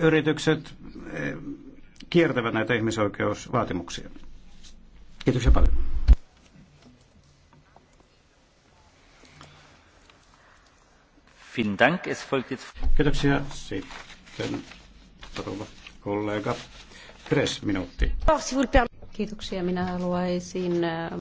yritykset eh, kiertävät näitä ihmisoikeusvaatimuksia. Kiitoksia paljon. Kiitoksia. Sitten rouva kollega Kres, minuutti. Kiitoksia. Minä haluaisin